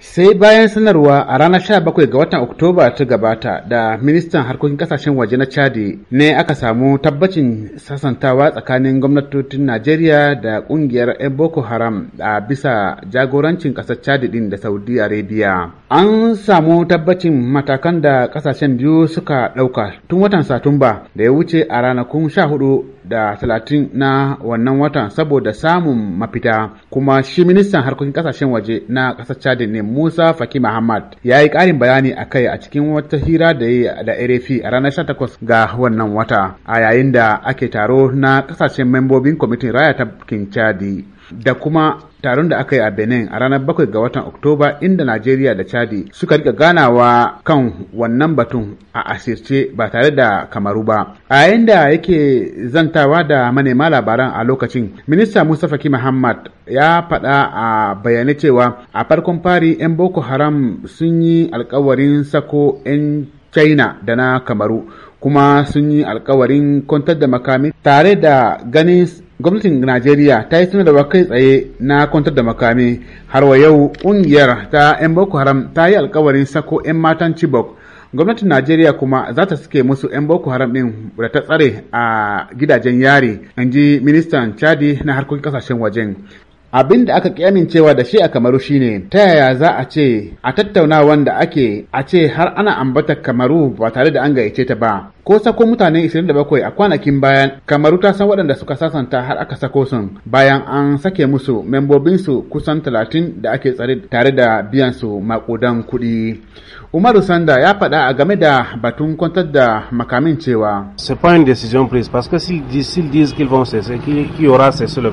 sai bayan sanarwa a ranar 17 ga watan oktoba ta gabata da ministan harkokin kasashen waje na chadi ne aka samu tabbacin sasantawa tsakanin gwamnatocin najeriya da kungiyar 'yan boko haram a bisa jagorancin kasar chadi din da saudi arabia an samu tabbacin matakan da kasashen biyu suka ɗauka tun watan satumba da ya wuce a ranakun 14 da talatin na wannan watan saboda samun mafita kuma shi ministan harkokin kasashen waje na kasar chadi ne Musa Faki Muhammad ya yi ƙarin bayani a kai a cikin wata hira da yi da RFI a ranar 18 ga wannan wata a yayin da ake taro na ƙasashen membobin kwamitin raya tafkin Chadi. da kuma taron da aka yi a benin a ranar bakwai ga watan oktoba inda najeriya da chadi suka rika ganawa kan wannan batun a asirce ba tare da kamaru ba a yayin da yake zantawa da manema labaran a lokacin minista Musa Faki muhammad ya faɗa a bayanai cewa a farkon fari 'yan boko haram sun yi alkawarin sako 'yan china da na kamaru kuma sun yi alkawarin kwantar da makami tare da ganin gwamnatin najeriya ta yi ba kai tsaye na kwantar da makami har wa yau ƙungiyar ta 'yan boko haram ta yi alkawarin sako 'yan matan chibok gwamnatin najeriya kuma za ta suke musu 'yan boko haram ɗin da ta tsare a gidajen yari in ji ministan chadi na harkokin kasashen wajen abin da aka cewa da shi a kamaru shine ta yaya za a ce a tattauna da ake a ce har ana ambata kamaru ba tare da an gayyace ta ba ko sako mutane 27 a kwanakin bayan kamaru ta san waɗanda suka sasanta har aka sako sun bayan an sake musu membobinsu kusan 30 da ake tsare tare da biyan su makudan kuɗi umaru sanda ya faɗa a game da batun kwantar da makamin cewa c'est pas une décision prise parce que s'ils disent qu'ils vont cesser qu'il y aura cessez le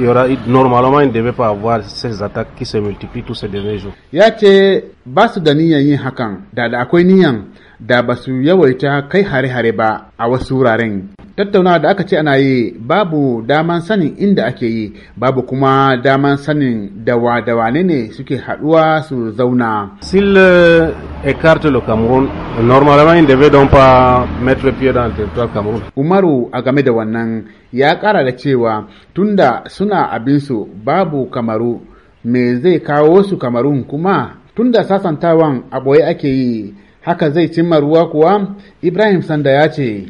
il y aura, normalement, il ne devait pas avoir ces attaques qui se multiplient tous ces derniers jours. Ya ce ba su da niyan yin hakan, da da akwai niyan da ba su yawaita kai hare-hare ba a wasu wuraren. tattaunawa da aka ce ana yi babu daman sanin inda ake yi babu kuma daman sanin dawa da ne ne suke haduwa su zauna s'il euh, écarte le Cameroun normalement il devait donc pas mettre pied dans le territoire Cameroun Umaru a game da wannan ya kara da cewa tunda suna abinsu babu Kamaru me zai kawo su Kamarun kuma tunda sasantawan a ake yi haka zai cimma ruwa kuwa Ibrahim Sanda ya ce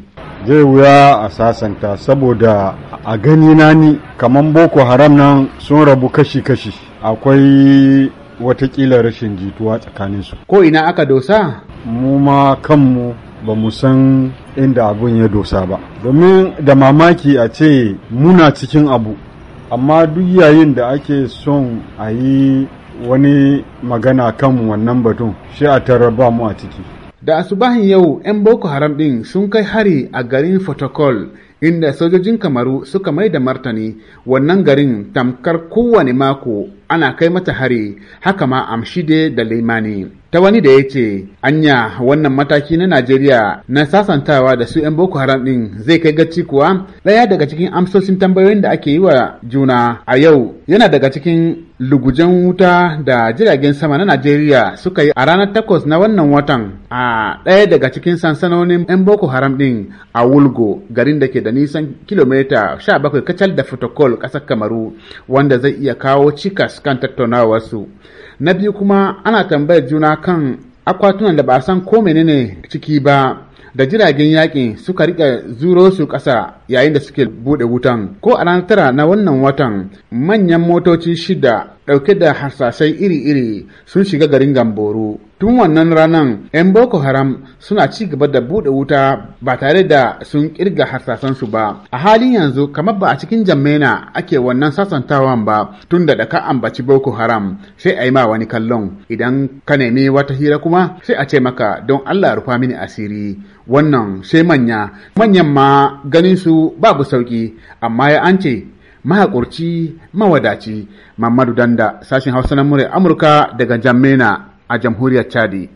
zai wuya a sasanta saboda a gani na ni kamar boko haram nan sun rabu kashi-kashi akwai watakila rashin jituwa tsakaninsu ko ina aka dosa mu ma kanmu ba mu san inda abun ya dosa ba domin da mamaki a ce muna cikin abu amma duk yayin da ake son a yi wani magana kan wannan batun shi a ba mu a ciki da asubahin yau 'yan boko haram din sun kai hari a garin fotokol inda sojojin kamaru suka mai da martani wannan garin tamkar kowane mako ana kai mata hari haka ma amshide da limani ta wani da ya ce anya wannan mataki na najeriya na sasantawa da su 'yan boko haram din zai kai gaci kuwa ɗaya daga cikin amsoshin tambayoyin da ake yi wa juna a yau yana daga cikin lugujen wuta da jiragen sama na najeriya suka yi a ranar takwas na wannan watan a ɗaya daga cikin sansanonin 'yan boko haram din a wulgo garin da ke da da nisan kilomita 17 kacal da protocol ƙasar kamaru wanda zai iya kawo cikas kan tattaunawarsu na biyu kuma ana tambayar juna kan akwatunan da ba san ko menene ciki ba da jiragen yaƙi suka rika zuro su ƙasa yayin da suke buɗe wutan ko a ranar tara na wannan watan manyan motoci shida ɗauke da harsashai iri-iri sun shiga garin Gamboro. Tun wannan ranar 'yan Boko Haram suna ci gaba da buɗe wuta ba tare da sun kirga harsasansu ba. A halin yanzu kamar ba a cikin Jammena ake wannan sasantawan ba tun da ka ambaci Boko Haram sai a yi ma wani kallon. Idan ka nemi wata hira kuma sai a ce maka don Allah rufa mini asiri. Wannan sai manya, manyan ma ganin su babu sauki amma ya an ce mahaƙurci mawadaci mamadu danda sashen hausa na murya amurka daga Jamena a jamhuriyar chadi